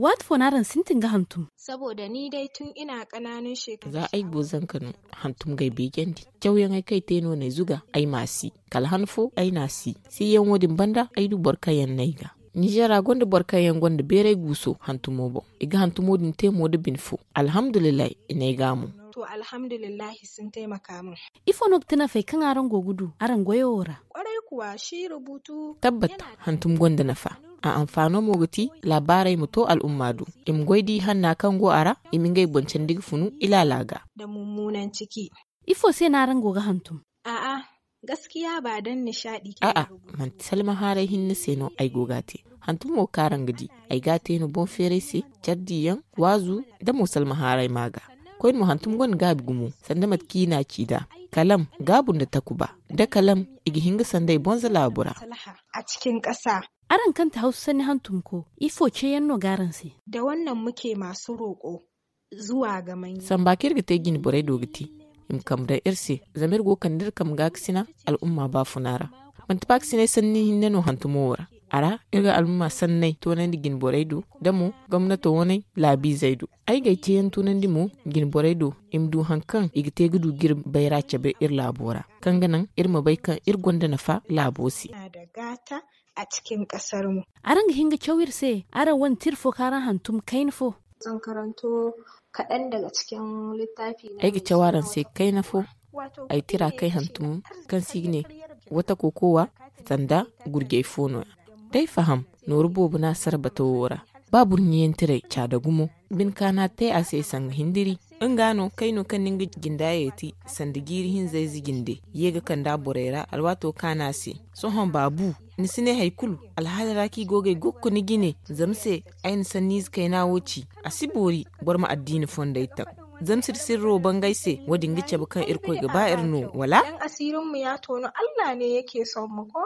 wat fonaran sintin ga hantum saboda ni dai tun ina kananan shekaru za a yi gozan kanu hantum gai begendi kyauyan ai kai teno ne zuga ai masi kalhanfo ai nasi si yan wadin banda ai dubar kayan naiga nijera gonda barka yan gonda bere guso hantumo bo iga hantumo din mo da binfo alhamdulillah ina mu. to alhamdulillah sun taimaka min ifo tana fai kan aran gogudu aran goyowara kuwa shi rubutu tabbata hantum gwanda fa a amfano mogoti labarai muto al'ummadu im gwaidi hanna kan go ara imingai bancan dig funu ilalaga da mummunan ciki ifo sai na rango ga hantum a'a gaskiya ba dan nishadi a'a man salma harai hinna no ai gogate hantum mo karan gidi ai gate no bon ferese caddiyan wazu da mo salma harai maga koin mu hantum gon gabi gumu sanda na cida kalam gabun da takuba da kalam igihinga sandai bonza labura a cikin ƙasa aran kanta hausa ni hantumko ifo ce yanno garansi da wannan muke masu roƙo zuwa ga manya bakir ga tegin burai dogiti im kam da irse zamir go kandir kam ga al'umma ba funara ban tabak sine sanni hinne no hantumowara ara irga almuma sannai tonandi ginborai do damu gwamnato wani labi zaidu ai ga tiyan tunandi mu ginborai do imdu hankan igite gudu gir bayra cebe ir labora kanganan ir bai kan ir gwanda fa labosi a cikin kasar mu aranga hinga chawir se ara wan tirfo karan hantum kainfo zan karanto kaɗan daga cikin littafi na aiki cewaran sai se kainfo fo ai tira kai hantum kan signe wata kokowa sanda gurge fono dai faham nori rubobu na sarbata wora babur cha da gumo bin kana te sai san hindiri kai no kan ninga gindaye ti sandigiri hin zai ziginde yega kan da borera alwato kana se hon babu ni sine haikul alhadara ki goge gokko ni gine zamse ayin sanniz kaina wuci asibori borma addini fonda ita zamsir sirro se. wadin gice bukan ga gaba irno wala asirin mu ya tono Allah ne yake son mu ko